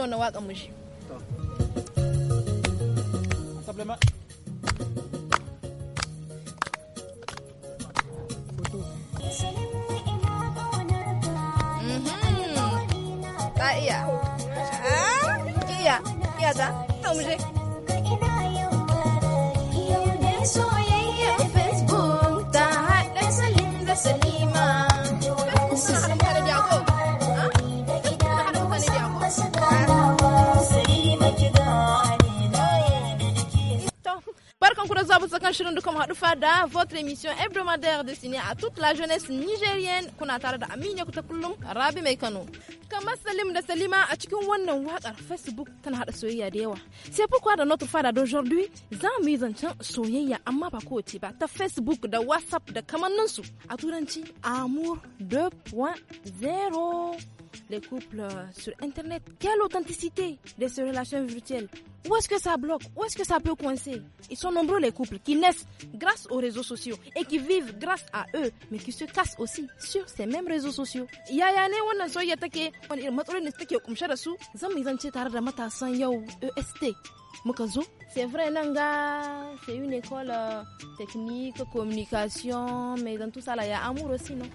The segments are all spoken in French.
mana wannan waƙan mu votre émission hebdomadaire destinée à toute la jeunesse nigérienne kuna à da Amina kuta kullum Rabi mai Kano kamar Salim da Salima a cikin wannan wakar Facebook tana hada soyayya da yawa sai pourquoi dans notre fada d'aujourd'hui za mu yi zancen soyayya amma ba kowace ba ta Facebook da WhatsApp da kamannin su a turanci amour 2.0 les couples euh, sur Internet. Quelle authenticité de ces relations virtuelles Où est-ce que ça bloque Où est-ce que ça peut coincer Ils sont nombreux les couples qui naissent grâce aux réseaux sociaux et qui vivent grâce à eux, mais qui se cassent aussi sur ces mêmes réseaux sociaux. Yaya a take on take EST e c'est vrai Nanga c'est une école euh, technique communication mais dans tout ça il y a amour aussi non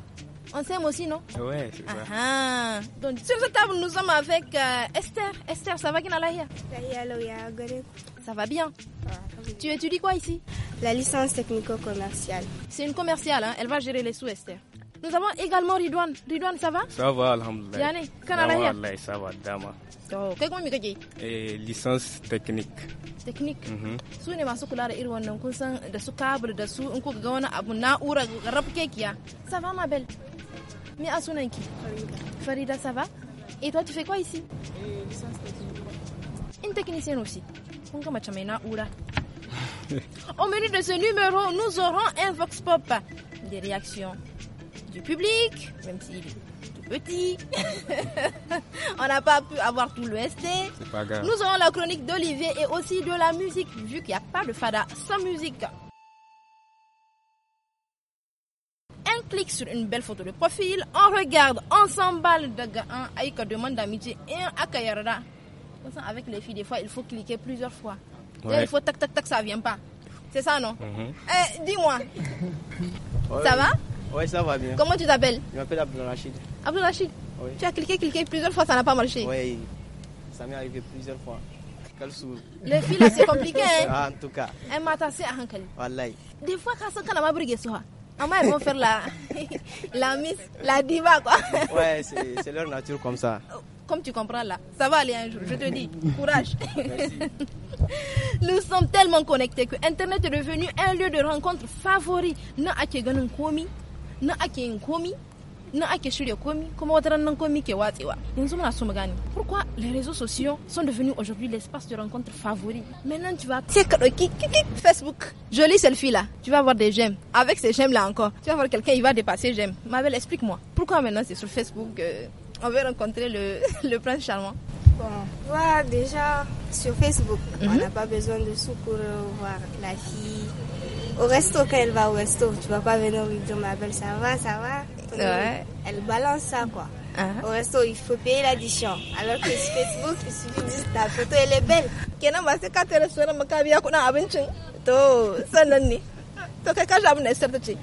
on s'aime aussi, non Ouais, c'est ça. Ah, ah. sur cette table, nous sommes avec euh, Esther. Esther, ça va, Ça va bien Tu étudies quoi ici La licence technico-commerciale. C'est une commerciale, hein. elle va gérer les sous, Esther. Nous avons également Ridwan. Ridwan, ça va Ça va, alhamdoulilah. Yanné, Ça va, qu'est-ce que tu as Licence technique. technique mhm. su ça tu kula da mais à son Farida, ça va Et toi, tu fais quoi ici Une technicienne aussi. Au menu de ce numéro, nous aurons un vox pop. Des réactions du public, même s'il est tout petit. On n'a pas pu avoir tout le ST. Nous aurons la chronique d'Olivier et aussi de la musique, vu qu'il n'y a pas de fada sans musique. clique sur une belle photo de profil, on regarde, on s'emballe gars, un demande d'amitié et ça Avec les filles, des fois, il faut cliquer plusieurs fois. Il faut tac tac tac, ça vient pas. C'est ça, non mhm. eh, Dis-moi. Ça va Oui, ça va bien. Comment tu t'appelles Je m'appelle Abdul Rachid. Abdul Rachid oui. Tu as cliqué, cliqué plusieurs fois, ça n'a pas marché Oui, ça m'est arrivé plusieurs fois. Les filles, c'est compliqué. Hein? Ah, en tout cas. Elle m'a tassé à Hankali. Wallahi. Des fois, quand ça m'a brigué, ça moi ils vont faire la, la miss, la diva, quoi. Ouais, c'est leur nature comme ça. Comme tu comprends là, ça va aller un jour, je te dis, courage. Nous sommes tellement connectés que Internet est devenu un lieu de rencontre favori. Na ake komi, na ake pourquoi les réseaux sociaux sont devenus aujourd'hui l'espace de rencontre favori maintenant tu vas c'est Facebook jolie selfie là tu vas avoir des j'aime avec ces j'aime là encore tu vas voir quelqu'un il va dépasser j'aime ma belle explique-moi pourquoi maintenant c'est sur Facebook qu'on on veut rencontrer le, le prince charmant Bon, voit déjà sur Facebook, on mhm. n'a pas besoin de sous pour euh, voir la fille. Au resto, quand elle va au resto, tu vas pas venir lui dire ma belle, ça va, ça va. Ouais. Elle balance ça, quoi. Uh-huh. Au resto, il faut payer l'addition. Alors que sur Facebook, il suffit juste ta photo, elle est belle. qu'est-ce bah, sai ka tare su ran maka biya kuɗin abincin. To, sannan ne. To kai ka ji abin da Esther ta ce.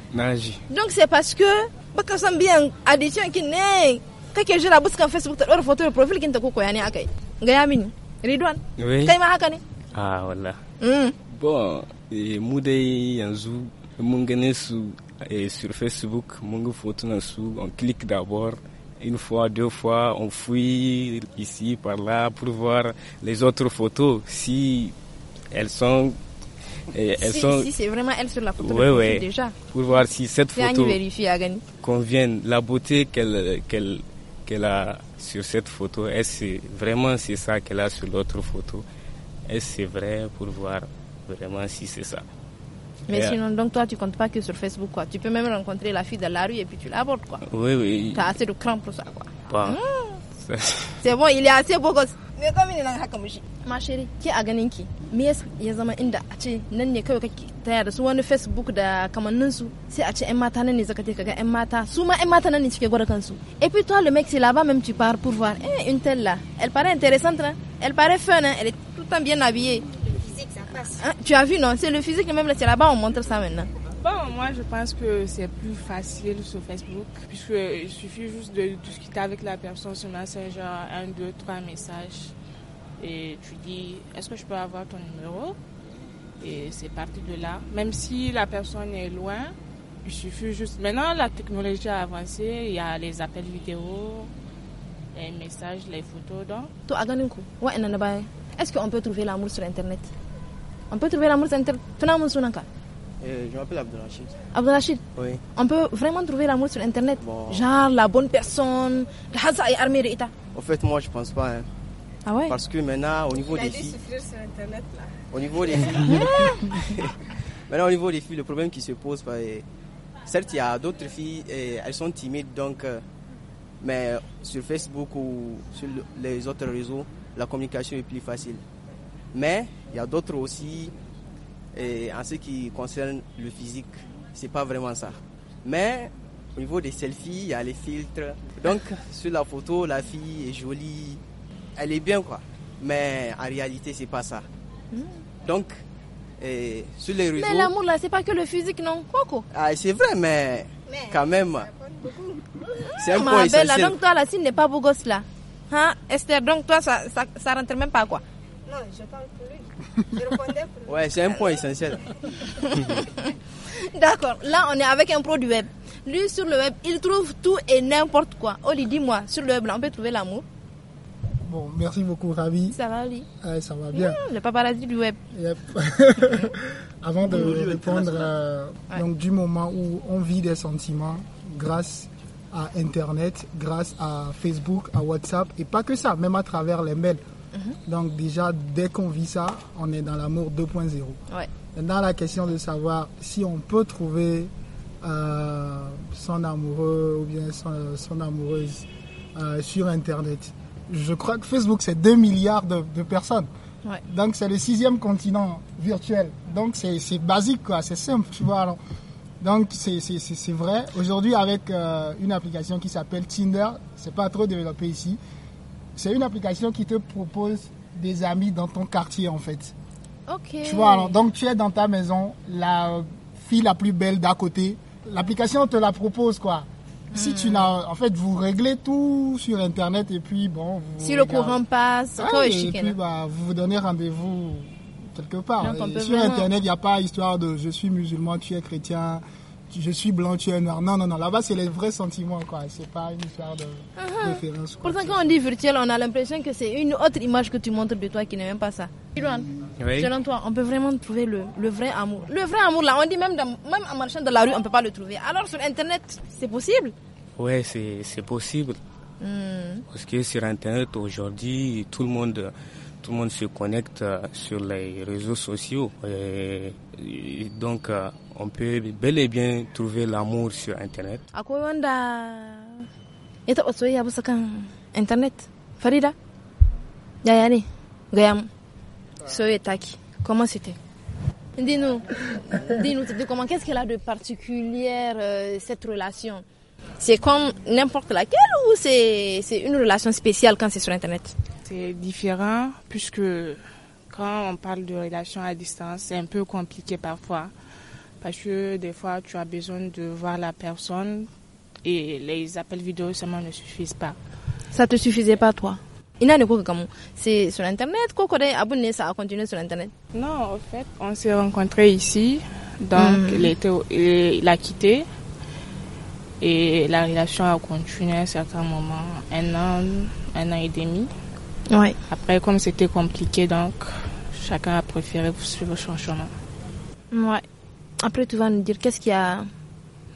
Donc c'est parce que baka san bien addition qui ne la jira buskan facebook ta ɗora foto de profil kinta koko ya ne aka yi gaya mini ridwan kai ma haka ne ah wallah mm. bon eh, mu dai yanzu mun gane su eh, sur facebook mun ga na su on clique d'abord une fois, deux fois, on fouille ici, par là, pour voir les autres photos, si elles sont... Eh, elles sont... si c'est vraiment elle sur la photo ouais, oui. déjà. Pour voir si cette photo convient, la beauté qu'elle qu'elle qu'elle sur cette photo, est-ce vraiment c'est ça qu'elle a sur l'autre photo Est-ce c'est vrai pour voir vraiment si c'est ça mais euh, sinon, donc toi, tu comptes pas que sur Facebook, quoi. Tu peux même rencontrer la fille de la rue et puis tu l'abordes, quoi. Oui, oui. T'as assez de cran pour ça, quoi. Mmh. C'est bon, il est assez beau gosse. Ma ki a ganin ki me yasa ya zama inda a ce nan ne kawai kake taya da su wani facebook da kamannin su sai a ce yan mata nan ne zaka je kaga yan mata su ma yan mata nan ne suke kansu et puis toi le mec c'est là-bas même tu pars pour voir eh une telle là elle paraît intéressante hein? elle paraît fun hein? elle est tout le temps bien habillée le physique ça passe hein? tu as vu non c'est le physique même là c'est là-bas on montre ça maintenant Bon, moi je pense que c'est plus facile sur Facebook, puisque il suffit juste de discuter avec la personne sur Messenger, un, deux, trois messages et tu dis est-ce que je peux avoir ton numéro et c'est parti de là. Même si la personne est loin, il suffit juste. Maintenant, la technologie a avancé, il y a les appels vidéo, les messages, les photos. Donc, est-ce qu'on peut trouver l'amour sur Internet On peut trouver l'amour sur Internet euh, je m'appelle Abdelrachid. Abdelrachid Oui. On peut vraiment trouver l'amour sur Internet Genre la bonne personne, le En fait, moi, je pense pas. Hein. Ah ouais Parce que maintenant, au niveau des filles. Sur Internet, là. Au niveau des filles. maintenant, au niveau des filles, le problème qui se pose, bah, certes, il y a d'autres filles, elles sont timides, donc. Euh, mais sur Facebook ou sur les autres réseaux, la communication est plus facile. Mais il y a d'autres aussi, en ce qui concerne le physique, c'est pas vraiment ça. Mais au niveau des selfies, il y a les filtres. Donc, sur la photo, la fille est jolie, elle est bien, quoi. Mais en réalité, c'est pas ça. Hmm. Donc, euh, sur les réseaux. Mais l'amour là, c'est pas que le physique, non, Coco. Ah, c'est vrai, mais, quand même. C'est un point donc toi la s'il n'est pas beau gosse là, hein, Esther, donc toi ça, ça, rentre même pas quoi. Non, je parle pour lui. Je répondais pour lui. Ouais, c'est un point essentiel. D'accord. Là, on est avec un pro du web. Lui sur le web, il trouve tout et n'importe quoi. Oli, dis-moi, sur le web on peut trouver l'amour merci beaucoup, Ravi. Ça va, lui Ça va bien. papa le paparazzi du web. Avant de répondre, euh, donc, du moment où on vit des sentiments grâce à Internet, grâce à Facebook, à WhatsApp, et pas que ça, même à travers les mails. Mhm. Donc déjà, dès qu'on vit ça, on est dans l'amour 2.0. Maintenant, la question de savoir si on peut trouver euh, son amoureux ou bien son, amoureuse euh, sur Internet je crois que Facebook, c'est 2 milliards de, personnes. Donc, c'est le sixième continent virtuel. Donc, c'est basique, quoi. C'est simple, tu vois. donc, c'est vrai. Aujourd'hui, avec euh, une application qui s'appelle Tinder, c'est pas trop développé ici. C'est une application qui te propose des amis dans ton quartier, en fait. Ok. Tu vois, donc tu es dans ta maison, la fille la plus belle d'à côté. L'application te la propose, quoi. Si tu hmm. n'as, en fait, vous réglez tout sur Internet et puis bon. si le courant passe, et, puis bah, vous vous donnez rendez-vous quelque part. sur Internet, il n'y a pas histoire de je suis musulman, tu es chrétien, je suis blanc, tu es noir. Non, non, non. Là-bas, c'est les vrais sentiments, quoi. C'est pas une histoire de uh-huh. référence. Pourtant, quand on dit virtuel, on a l'impression que c'est une autre image que tu montres de toi qui n'est même pas ça selon toi, on peut vraiment trouver le, vrai amour Le vrai amour, là, on dit même, même en marchant dans la rue, on ne peut pas le trouver. Alors sur Internet, c'est possible Oui, c'est possible. Hmm. Parce que sur Internet, aujourd'hui, tout le monde tout le monde se connecte euh, sur les réseaux sociaux. Et donc, euh, on peut bel et bien trouver l'amour sur Internet. Internet. Farida, Soyo Comment c'était Dis-nous, dis-nous, comment qu'est-ce qu'elle a de particulière euh, cette relation C'est comme n'importe laquelle ou c'est une relation spéciale quand c'est sur Internet C'est différent puisque quand on parle de relation à distance, c'est un peu compliqué parfois parce que des fois tu as besoin de voir la personne et les appels vidéo seulement ne suffisent pas. Ça te suffisait pas toi ina ne c'est sur internet Quand dai abun abonné, ça a continué sur internet non en fait on s'est rencontrés ici donc hmm. il était il a quitté et la relation a continué à un certain moment un an un an et demi ouais. après comme c'était compliqué donc chacun a préféré suivre son chemin ouais après tu vas nous dire qu'est-ce qui a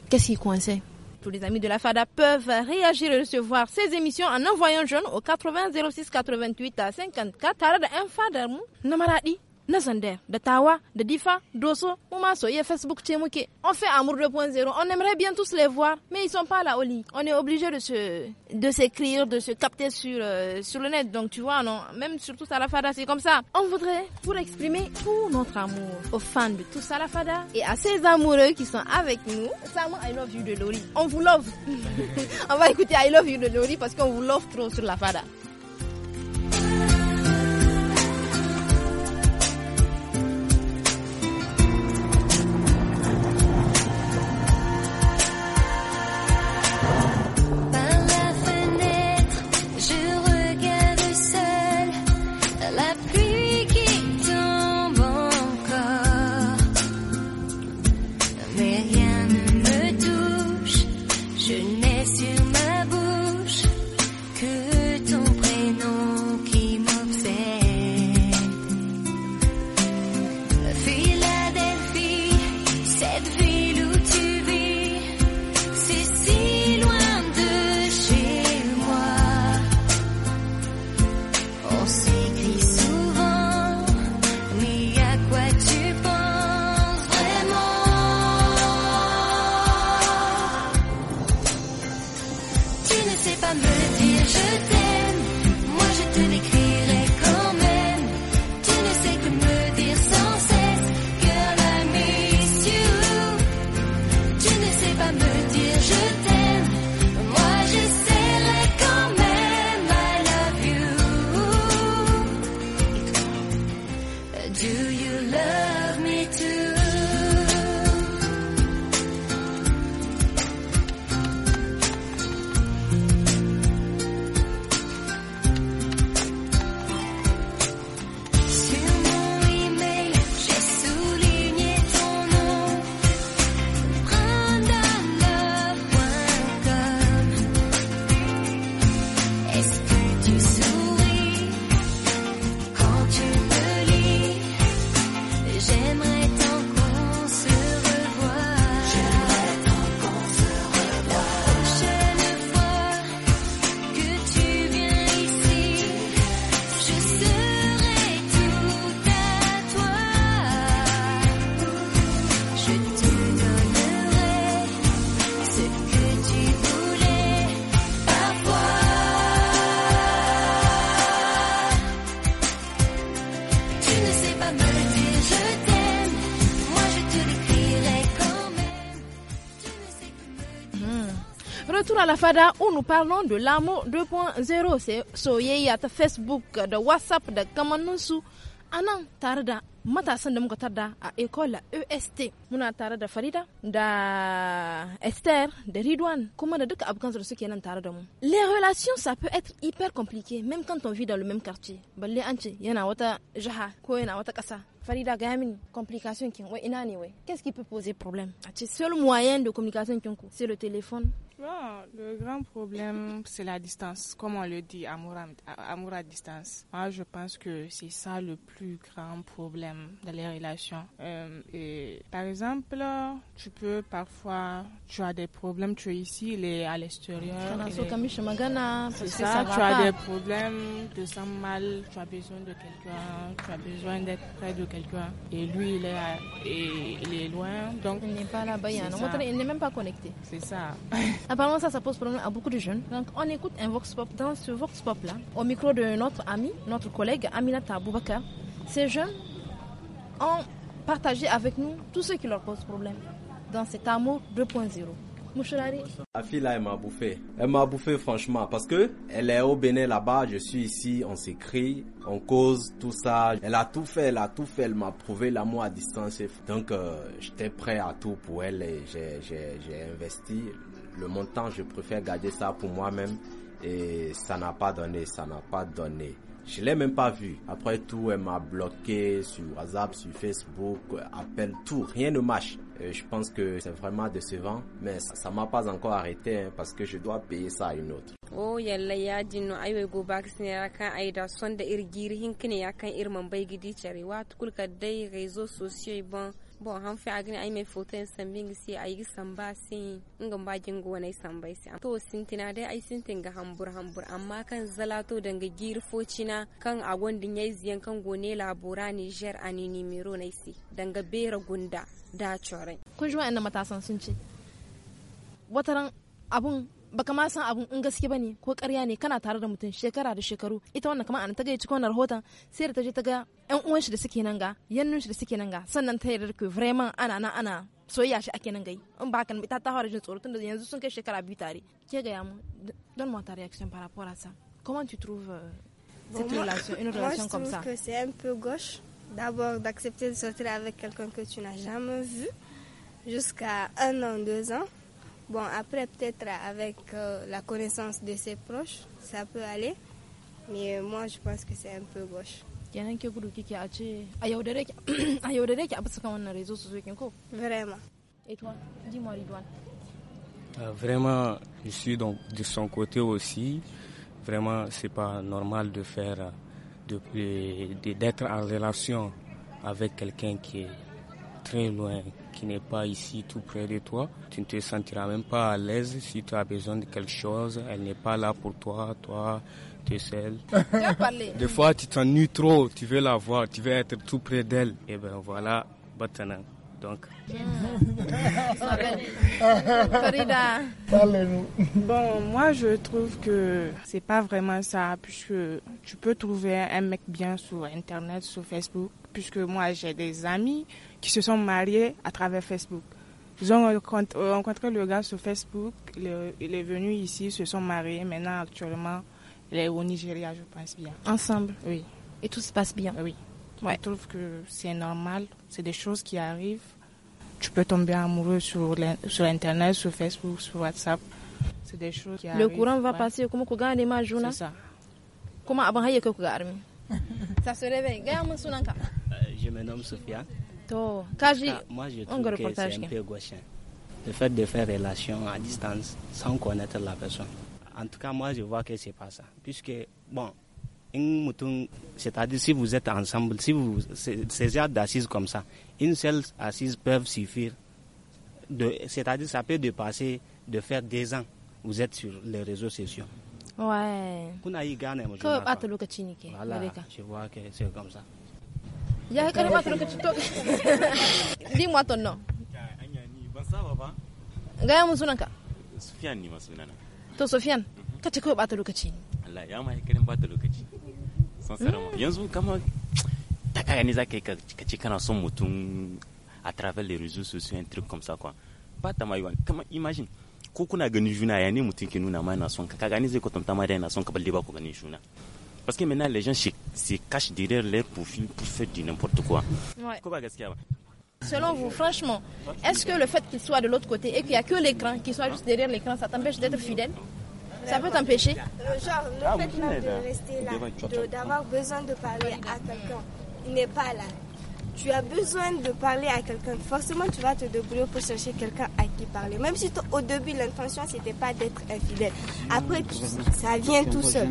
qu'est-ce qui coinçait tous les amis de la FADA peuvent réagir et recevoir ces émissions en envoyant jeune au 80 06 88 à 54 Tarada Infadam Namaradi. Tawa, Difa, Facebook On fait Amour 2.0. On aimerait bien tous les voir, mais ils sont pas là au lit. On est obligé de se, de s'écrire, de se capter sur, euh, sur le net. Donc, tu vois, non, même surtout Salafada, c'est comme ça. On voudrait, pour exprimer tout notre amour aux fans de tout Salafada et à ces amoureux qui sont avec nous, ça, I love you de Lori. On vous love. on va écouter I love you de Lori parce qu'on vous love trop sur la Fada. laisse sur ma bouche que Hmm. Retour à la FADA où nous parlons de l'amour 2.0. C'est soyez Facebook, de WhatsApp, de Kamanunsu. anan tare da matasan da muka tarda à école EST muna tare da Farida da Esther de Ridwan kuma da duka abokan da suke nan tare da mu les relations ça peut être hyper compliqué même quand on vit dans le même quartier balle an ce yana wata jaha ko yana wata kasa Farida Gamin, complication qui, ouais, qu'est-ce qui peut poser problème? Ah, le seul moyen de communication, c'est le téléphone le grand problème, c'est la distance. Comme on le dit, amour à, amour à distance. Moi, je pense que c'est ça le plus grand problème dans les relations. Euh, et par exemple, tu peux parfois, tu as des problèmes, tu es ici, il est à l'extérieur. C'est ça, tu as des problèmes, tu sens mal, tu as besoin de quelqu'un, tu as besoin d'être près de quelqu'un. Et lui, il est, et, il est loin. Donc, il n'est pas là-bas, il n'est même pas connecté. C'est ça. Apparemment, ça, ça pose problème à beaucoup de jeunes. Donc, on écoute un vox pop. Dans ce vox pop-là, au micro de notre ami, notre collègue Aminata Boubaka, ces jeunes ont partagé avec nous tout ce qui leur pose problème dans cet amour 2.0. La fille là, elle m'a bouffé. Elle m'a bouffé franchement parce que elle est au Bénin là-bas, je suis ici, on s'écrit, on cause, tout ça. Elle a tout fait, elle a tout fait, elle m'a prouvé l'amour à distance. Donc euh, j'étais prêt à tout pour elle et j'ai investi le montant, je préfère garder ça pour moi-même. Et ça n'a pas donné, ça n'a pas donné. Je l'ai même pas vu. Après tout, elle m'a bloqué sur WhatsApp, sur Facebook, appel, tout. Rien ne marche. je pense que c'est vraiment décevant, mais ça ne m'a pas encore arrêté hein, parce que je dois payer ça à une autre. o oh, yalla ya jinno aywe go ya kan aida da ir giri kine ya kan irman bai gidi cari tukul ka dai rezo socio bon bon han fi agni ai mai foto en sambing si ai gi ba si ngam ba nai san bai si to sintina dai ai sintin ga hambur hambur amma kan zalato danga giri na kan agon din yai ziyan kan ne labora Niger ani nimero nai si danga bera gunda da chore kun ji matasan sun ce wataran abun baka ma san abun in gaske bane ko ƙarya ne kana tare da mutum shekara da shekaru ita wannan kamar an ta gaya cikin wannan rahoton sai da ta je ta ga yan uwan shi da suke nan ga yannun shi da suke nan ga sannan ta yarda ku vraiment ana nan ana soyayya shi ake nan gai in ba haka ita ta fara jin tsoro tunda yanzu sun kai shekara biyu tare ke ga mu don mu ta reaction par rapport à ça comment tu trouves euh, cette relation une relation moi, je comme ça que c'est un peu gauche d'abord d'accepter de sortir avec quelqu'un que tu n'as jamais vu jusqu'à un an deux ans Bon, après, peut-être avec euh, la connaissance de ses proches, ça peut aller. Mais moi, je pense que c'est un peu gauche. Vraiment. Et toi, dis-moi, Ridouane. Ah, vraiment, je suis donc de son côté aussi. Vraiment, c'est pas normal de faire, d'être en relation avec quelqu'un qui est très loin, qui n'est pas ici tout près de toi. Tu ne te sentiras même pas à l'aise si tu as besoin de quelque chose. Elle n'est pas là pour toi, toi, tu es seul. Des fois, tu t'ennuies trop, tu veux la voir, tu veux être tout près d'elle. Et eh ben voilà, maintenant. Donc. Bon, moi je trouve que c'est pas vraiment ça, puisque tu peux trouver un mec bien sur Internet, sur Facebook, puisque moi j'ai des amis qui se sont mariés à travers Facebook. Ils ont rencontré le gars sur Facebook, il est venu ici, se sont mariés. Maintenant, actuellement, il est au Nigeria, je pense bien. Ensemble Oui. Et tout se passe bien Oui. Ouais. Je trouve que c'est normal, c'est des choses qui arrivent. Tu peux tomber amoureux sur, sur Internet, sur Facebook, sur WhatsApp. C'est des choses qui Le arrivent. Le courant va passer, comment les C'est ça. Comment avant que Ça se réveille. Euh, je me nomme Sophia. Ah, moi, je trouve que c'est un peu gauchien. Le fait de faire relation à distance sans connaître la personne. En tout cas, moi, je vois que c'est pas ça. Puisque, bon, in mutum c'est-à-dire si vous êtes ensemble si vous ces genres d'assises comme ça une seule assise peut suffire c'est-à-dire ça peut dépasser de faire des ans vous êtes sur les réseaux sociaux ouais kuna yi gane mu ko bata lokaci ne ke voilà je vois que c'est comme ça ya ka rama ta lokaci to dis-moi ton nom anya ni ban saba ba gaya mun sunanka Sofiane ni ma sunana to Sofiane kace ko bata lokaci ne Allah ya ma hikarin bata lokaci sincèrement, yanzu mm. kamar comment, kaya ne zaka yi ka ce kana son mutum à travers les réseaux sociaux un truc comme ça quoi pas ta comment kamar imagine ko kuna ganin juna ya ne mutum ke nuna ma yana son ka ka gani zai kwatanta ma da yana son ka balle ba ku ganin juna parce que maintenant les gens se, se cachent derrière leur profil pour faire du n'importe quoi. Ouais. Selon vous, franchement, est-ce que le fait qu'il soit de l'autre côté et qu'il y a que l'écran, qu'il soit juste derrière l'écran, ça t'empêche d'être fidèle ça peut t'empêcher euh, Genre, le ah, fait même de rester là, d'avoir besoin de parler à quelqu'un, il n'est pas là tu as besoin de parler à quelqu'un, forcément tu vas te débrouiller pour chercher quelqu'un à qui parler. Même si au début l'intention c'était pas d'être infidèle. Après ça vient tout seul.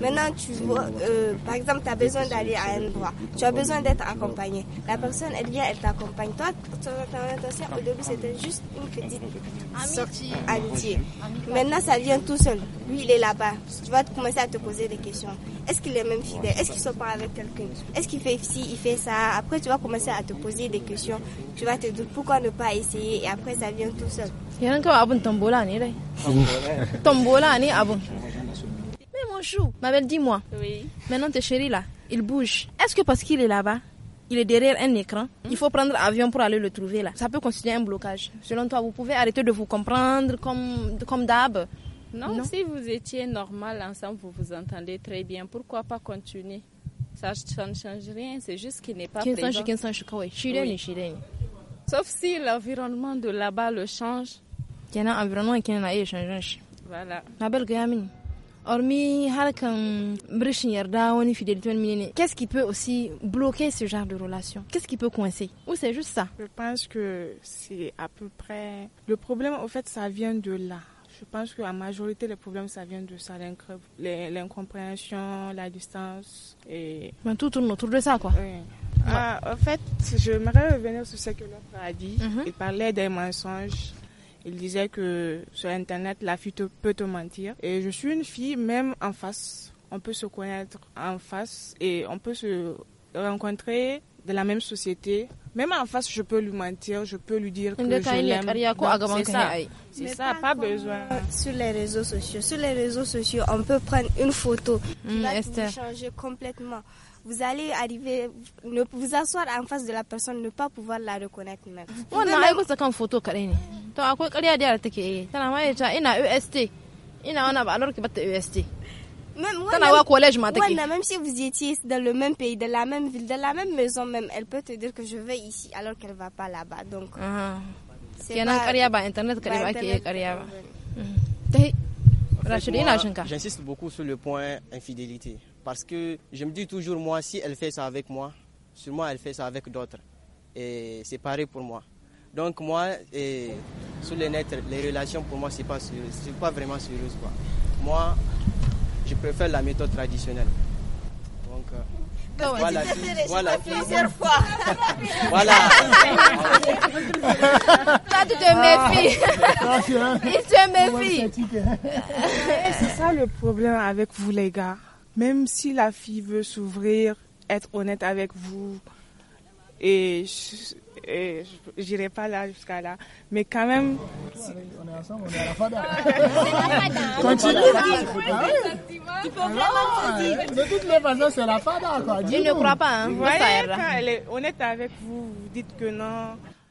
Maintenant tu vois, euh, par exemple tu as besoin d'aller à un endroit, tu as besoin d'être accompagné. La personne elle vient, elle t'accompagne. Toi, ton intention au début c'était juste une petite sortie amitié. Maintenant ça vient tout seul. Lui il est là-bas. Tu vas commencer à te poser des questions. Est-ce qu'il est même fidèle Est-ce qu'il se parle avec quelqu'un Est-ce qu'il fait ci, il fait ça Après tu vas commencer à te poser des questions. Tu vas te dire pourquoi ne pas essayer et après ça vient tout seul. Mais mon chou, ma belle, dis-moi. Oui. Maintenant, tes chéris là, il bouge. Est-ce que parce qu'il est là-bas, il est derrière un écran. Hmm? Il faut prendre avion pour aller le trouver là. Ça peut constituer un blocage. Selon toi, vous pouvez arrêter de vous comprendre comme, comme d'hab. non, si vous étiez normal ensemble, vous vous entendez très bien. Pourquoi pas continuer ça ne change rien, c'est juste qu'il n'est pas présent. Sauf si l'environnement de là-bas le change. Voilà. Qu'est-ce qui peut aussi bloquer ce genre de relation Qu'est-ce qui peut coincer Ou c'est juste ça Je pense que c'est à peu près... Le problème, au fait, ça vient de là. Je pense que la majorité des problèmes, ça vient de ça, l'incompréhension, la distance. Et... Mais tout autour de ça, quoi. Ah, en fait, j'aimerais revenir sur ce que l'autre a dit. Mhm. Il parlait des mensonges. Il disait que sur Internet, la fille peut te mentir. Et je suis une fille, même en face. On peut se connaître en face et on peut se rencontrer de la même société, même en face, je peux lui mentir, je peux lui dire que je l'aime. C'est ça, c'est ça, pas besoin. Euh, sur les réseaux sociaux, sur les réseaux sociaux, on peut prendre une photo qui mm, vous changer complètement. Vous allez arriver, ne, vous asseoir en face de la personne, ne pas pouvoir la reconnaître même. On photo même, même si vous étiez dans le même pays, dans la même ville, dans la même maison, même, elle peut te dire que je vais ici alors qu'elle ne va pas là-bas. Donc, ah. c'est Internet, J'insiste beaucoup sur le point infidélité. Parce que je me dis toujours, moi, si elle fait ça avec moi, sûrement elle fait ça avec d'autres. Et c'est pareil pour moi. Donc moi, et sur les net, les relations pour moi, c'est pas, sérieux, pas vraiment sérieux. Quoi. Moi, je préfère la méthode traditionnelle. Donc, euh, voilà, voilà, plusieurs fois. voilà. Toi, tu te méfies. Ah, Il te méfie. Hein. Eh, c'est ça le problème avec vous, les gars. Même si la fille veut s'ouvrir, être honnête avec vous, et je j'irai pas là jusqu'à là. Mais quand même. On est ensemble, on est à la fada. Ah, hein. Continue. Tu peux vraiment ah, te dire. De toutes les façons, c'est la fada, quoi. Je ne crois pas, hein. Vous voyez, quand elle est honnête avec vous, vous dites que non.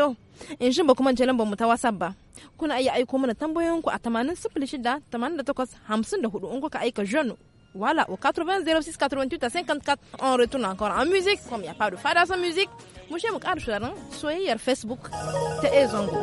to in shi ba kuma ce lambar mu ta wasa ba kuna iya aiko mana tambayoyinku a 80 68 54 in kuka aika jeune Voilà, au 80 06 88 à 54, on retourne encore en musique. Comme il n'y a pas de fada sans musique, moi j'aime Karcharan, soyez sur Facebook, Zongo.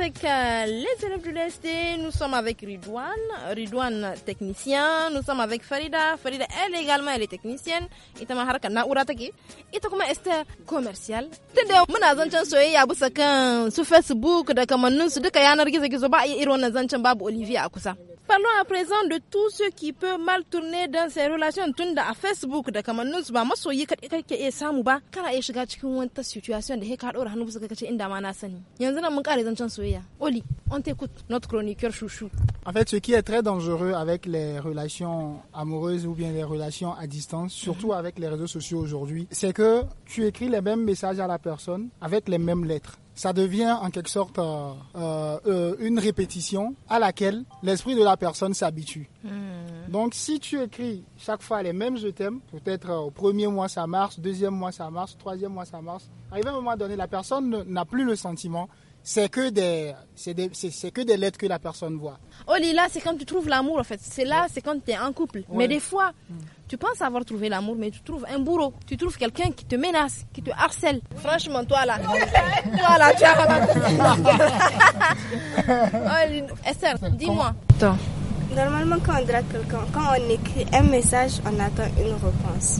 avec euh, les élèves de l'ESD, nous sommes avec Ridouane, Ridouane technicien, nous sommes avec Farida, Farida elle également elle est technicienne, et ta maharaka na'ura ki, et comment kuma ce commercial. Tunda muna zancen soyayya bisa kan su Facebook da kamannin su duka yanar gizo gizo ba a yi wannan zancen babu Olivia a kusa parlons à présent de tout ce qui peut mal tourner dans ces relations facebook on t'écoute notre chroniqueur chouchou en fait ce qui est très dangereux avec les relations amoureuses ou bien les relations à distance surtout mhm. avec les réseaux sociaux aujourd'hui c'est que tu écris les mêmes messages à la personne avec les mêmes lettres ça devient en quelque sorte euh, euh, euh, une répétition à laquelle l'esprit de la personne s'habitue. Hmm. Donc si tu écris chaque fois les mêmes je t'aime, peut-être au premier mois ça marche, deuxième mois ça marche, troisième mois ça marche, arrivé un moment donné, la personne n'a plus le sentiment c'est que des, c'est, que des lettres que la personne voit. Oh là, c'est quand tu trouves l'amour en fait. C'est là, c'est quand tu es en couple. Mais des fois, hmm. Tu penses avoir trouvé l'amour, mais tu trouves un bourreau. Tu trouves quelqu'un qui te menace, qui te harcèle. Franchement, toi là, toi là, tu as oh, Esther, dis-moi. Normalement, quand on drague quelqu'un, quand on écrit un message, on attend une réponse.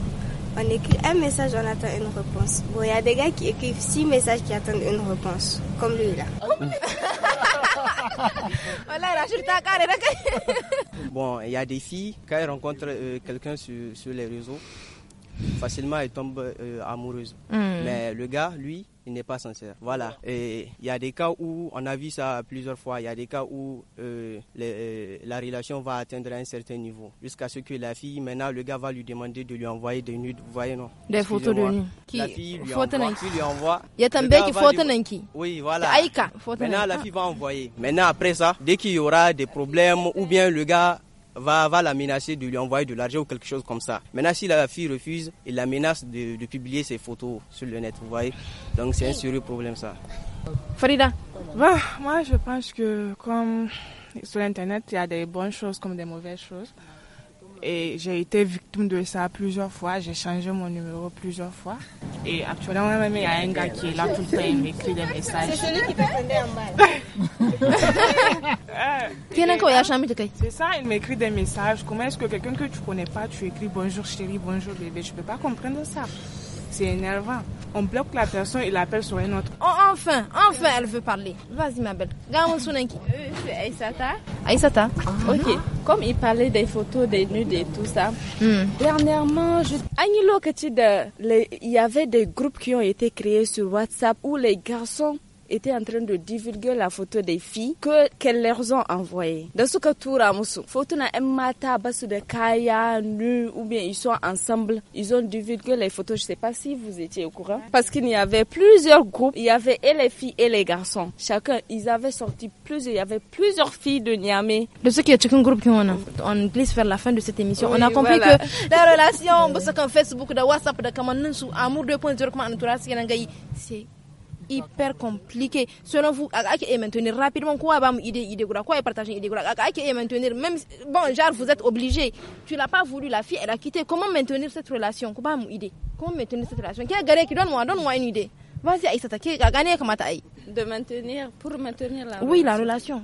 On écrit un message, on attend une réponse. Bon, il y a des gars qui écrivent six messages qui attendent une réponse, comme lui là. voilà, Bon, il y a des filles, quand elles rencontrent euh, quelqu'un sur, sur, les réseaux, facilement elles tombent euh, amoureuses. Hmm. Mais le gars, lui, n'est pas sincère. Voilà. Et il y a des cas où, on a vu ça plusieurs fois, il y a des cas où euh, euh, la relation va atteindre un certain niveau. Jusqu'à ce que la fille, maintenant, le gars va lui demander de lui envoyer des nudes. Vous voyez, non Des photos de nudes. La fille lui envoie. il y a un qui Oui, voilà. Maintenant, la fille va envoyer. Maintenant, après ça, dès qu'il y aura des problèmes ou bien le gars va, va la menacer de lui envoyer de l'argent ou quelque chose comme ça. Maintenant, si la fille refuse, il la menace de, publier ses photos sur le net, vous voyez. Donc c'est un sérieux problème ça. Farida bah, Moi, je pense que comme sur Internet, il y a des bonnes choses comme des mauvaises choses. Et j'ai été victime de ça plusieurs fois. J'ai changé mon numéro plusieurs fois. Et actuellement, même, il y a un gars qui est là tout le temps. Il m'écrit des messages. C'est celui qui en mal. C'est ça, il m'écrit des messages. Comment est-ce que quelqu'un que tu connais pas, tu écris bonjour chérie, bonjour bébé Je peux pas comprendre ça c'est énervant. On bloque la personne il appelle sur un autre. Oh, enfin, enfin, elle veut parler. Vas-y, ma belle. Euh, ah. Ok. Comme il parlait des photos, des nudes et tout ça. Hmm. Dernièrement, je... Euh, il y avait des groupes qui ont été créés sur WhatsApp où les garçons était en train de divulguer la photo des filles que qu'elles leur ont envoyées. ce cas tout musu photo na mata basu de kaya ou bien ils sont ensemble. Ils ont divulgué les photos. Je sais pas si vous étiez au courant parce qu'il y avait plusieurs groupes. Il y avait et les filles et les garçons. Chacun, ils avaient sorti plusieurs. Il y avait plusieurs filles de Niamey. De ce qui est un groupe qui on a. On glisse vers la fin de cette émission. on a compris que la relation, parce qu'en Facebook, de WhatsApp, de amour 2.0, comment on c'est hyper compliqué. Selon vous, Ake et maintenir rapidement quoi bam idée idée quoi et partager idée quoi et maintenir même bon genre vous êtes obligé. Tu l'as pas voulu la fille elle a quitté. Comment maintenir cette relation Quoi bam idée Comment maintenir cette relation Qui a gagné qui donne-moi donne-moi une idée. Vas-y Aïssa qui a gagné De maintenir pour maintenir la relation. Oui la relation.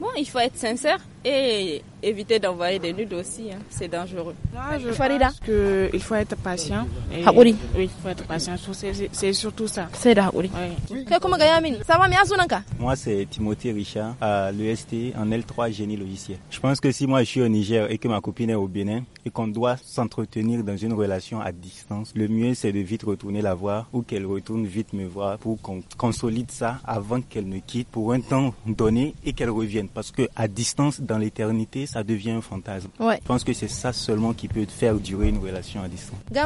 Bon il faut être sincère et éviter d'envoyer des nudes aussi, hein. c'est dangereux. Il je pense qu'il faut être patient. Oui, il faut être patient. C'est surtout ça. C'est là. Oui. Moi, c'est Timothée Richard à l'EST en L3 génie logiciel. Je pense que si moi je suis au Niger et que ma copine est au Bénin et qu'on doit s'entretenir dans une relation à distance, le mieux c'est de vite retourner la voir ou qu'elle retourne vite me voir pour qu'on consolide ça avant qu'elle ne quitte pour un temps donné et qu'elle revienne. Parce que à distance, dans l'éternité, ça devient un fantasme. Je pense que c'est ça seulement qui peut faire durer une relation à distance. Eh,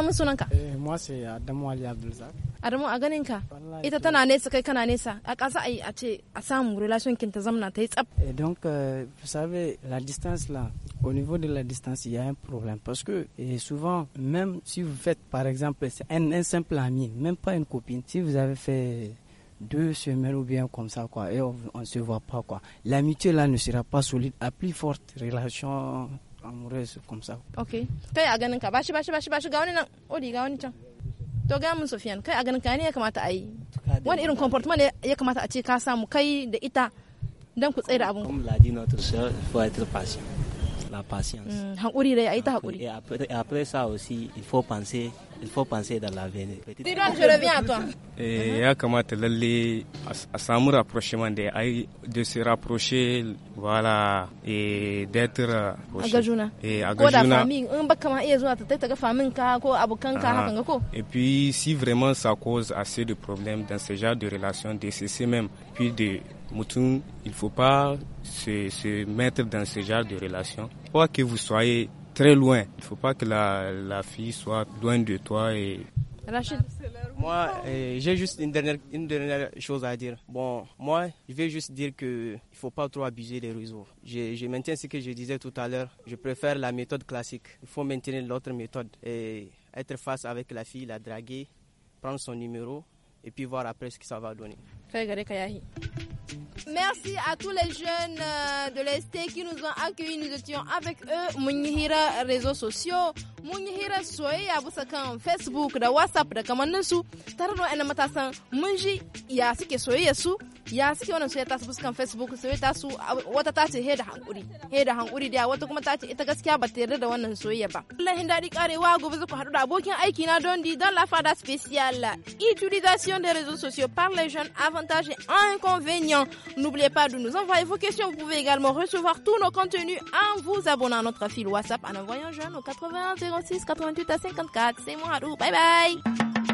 moi, c'est Adamo Ali Abdulzak. Adamo, a relation Et eh, donc, euh, vous savez, la distance là, au niveau de la distance, il y a un problème. Parce que et eh, souvent, même si vous faites par exemple un simple ami, même pas une copine, si vous avez fait deux semaines ou bien comme ça, quoi, et on ne se voit pas, quoi. L'amitié, là, ne sera pas solide, à plus forte relation amoureuse, comme ça. Ok la patience. Mm. Et après, ça aussi, il faut penser, il faut penser dans l'avenir. Tiron, je reviens à toi. Et eh, à comment tu à samu rapprochement da de se rapprocher voilà et d'être euh, à ga ah. Et puis si vraiment ça cause assez de problèmes dans ce genre de relations, de cesser même puis de Moutoum, il ne faut pas se, mettre dans ce genre de relation. Quoi que vous soyez très loin, il ne faut pas que la, fille soit loin de toi. Et... Moi, eh, j'ai juste une dernière, une dernière chose à dire. Bon, moi, je vais juste dire qu'il ne faut pas trop abuser des réseaux. Je, je maintiens ce que je disais tout à l'heure. Je préfère la méthode classique. Il faut maintenir l'autre méthode. Et être face avec la fille, la draguer, prendre son numéro et puis voir après ce que ça va donner. Merci à tous les jeunes euh, de l'Est qui nous ont accueillis. Nous étions avec eux, Mounihira réseaux sociaux, Mounihira soyez à vous, Facebook, da WhatsApp, da Kamanensu, Tarano matasan. Munji Mounji, Yasike soyez sous ya suke wannan soyayya tasu fuskan facebook soyayya su wata ta ce da hankuri he da hankuri da wata kuma ta ce ita gaskiya ba ta yarda da wannan soyayya ba wallahi daɗi karewa gobe zaku haɗu da abokin aiki na dondi dans la fada spéciale utilisation des réseaux sociaux par les jeunes avantages et inconvénients n'oubliez pas de nous envoyer vos questions vous pouvez également recevoir tous nos contenus en vous abonnant à notre fil WhatsApp en envoyant jeune au 81 06 88 à 54 c'est moi Harou bye bye